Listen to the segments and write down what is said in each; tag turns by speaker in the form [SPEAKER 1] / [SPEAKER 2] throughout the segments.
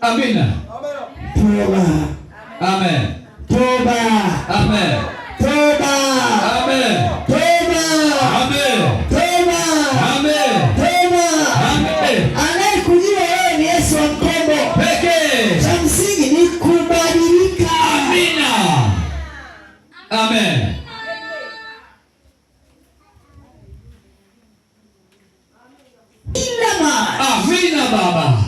[SPEAKER 1] Amina. Toba.
[SPEAKER 2] Amen.
[SPEAKER 1] Toba. Amen. Toba. Amen. Toba. Amen.
[SPEAKER 2] Toba.
[SPEAKER 1] Amen.
[SPEAKER 2] Toba. Amen. Anayekujua wewe ni Yesu wa mkombo
[SPEAKER 1] pekee.
[SPEAKER 2] Cha msingi ni kubadilika.
[SPEAKER 1] Amina. Amen. Amina baba.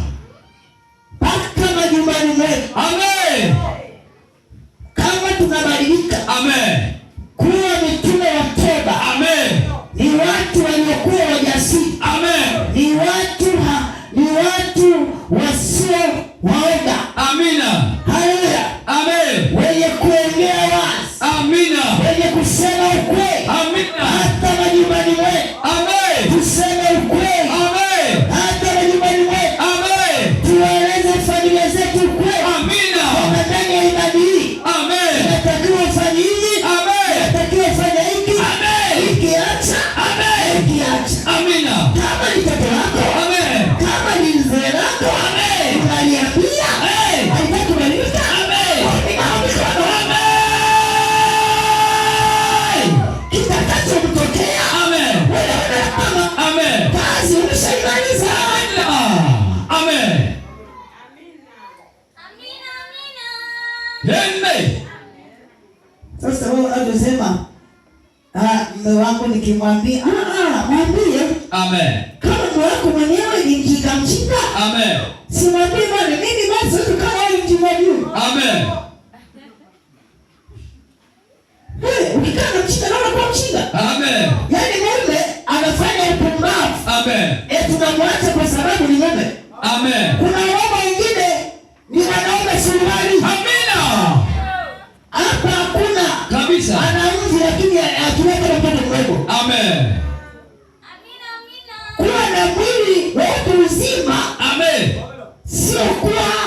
[SPEAKER 2] zetu zabadilika. Amen. Kuwa mitume wa toba. Amen. Ni watu waliokuwa wajasiri.
[SPEAKER 1] Amen.
[SPEAKER 2] Ni watu ha, ni watu wasio waoga.
[SPEAKER 1] Amina. Haleluya. Amen.
[SPEAKER 2] Wenye kuongea wazi.
[SPEAKER 1] Amina.
[SPEAKER 2] Wenye kusema ukweli.
[SPEAKER 1] Amina. Ukiacha amen, ukiacha amina.
[SPEAKER 2] Kama ni mtoto wako amen, kama ni mzee wako amen, unaniambia amen, haitakubalika amen, amen, kitakacho kutokea amen, wewe unasema amen, kazi umeshaimaliza
[SPEAKER 1] amen,
[SPEAKER 3] amina, amina,
[SPEAKER 1] amina.
[SPEAKER 2] Sasa wewe unasema Ah, mume wangu nikimwambia, ah, ah, mwambie amen. Kama mume wako mwenyewe ni mjinga mjinga, amen, simwambie bwana, mimi basi tu kama ni mjinga juu, amen. Ukikaa na mjinga naona kwa mjinga, amen. Yaani mume anafanya upumbavu, amen. Eh, tunamwacha kwa sababu ni mume, amen. Kuna wanaume wengine ni wanaume suruali,
[SPEAKER 1] amina.
[SPEAKER 2] Hapa hakuna kabisa ana kazi lakini hatuwekapata kuwepo. Amen. Kuwa na mwili wetu uzima. Amen. Sio kuwa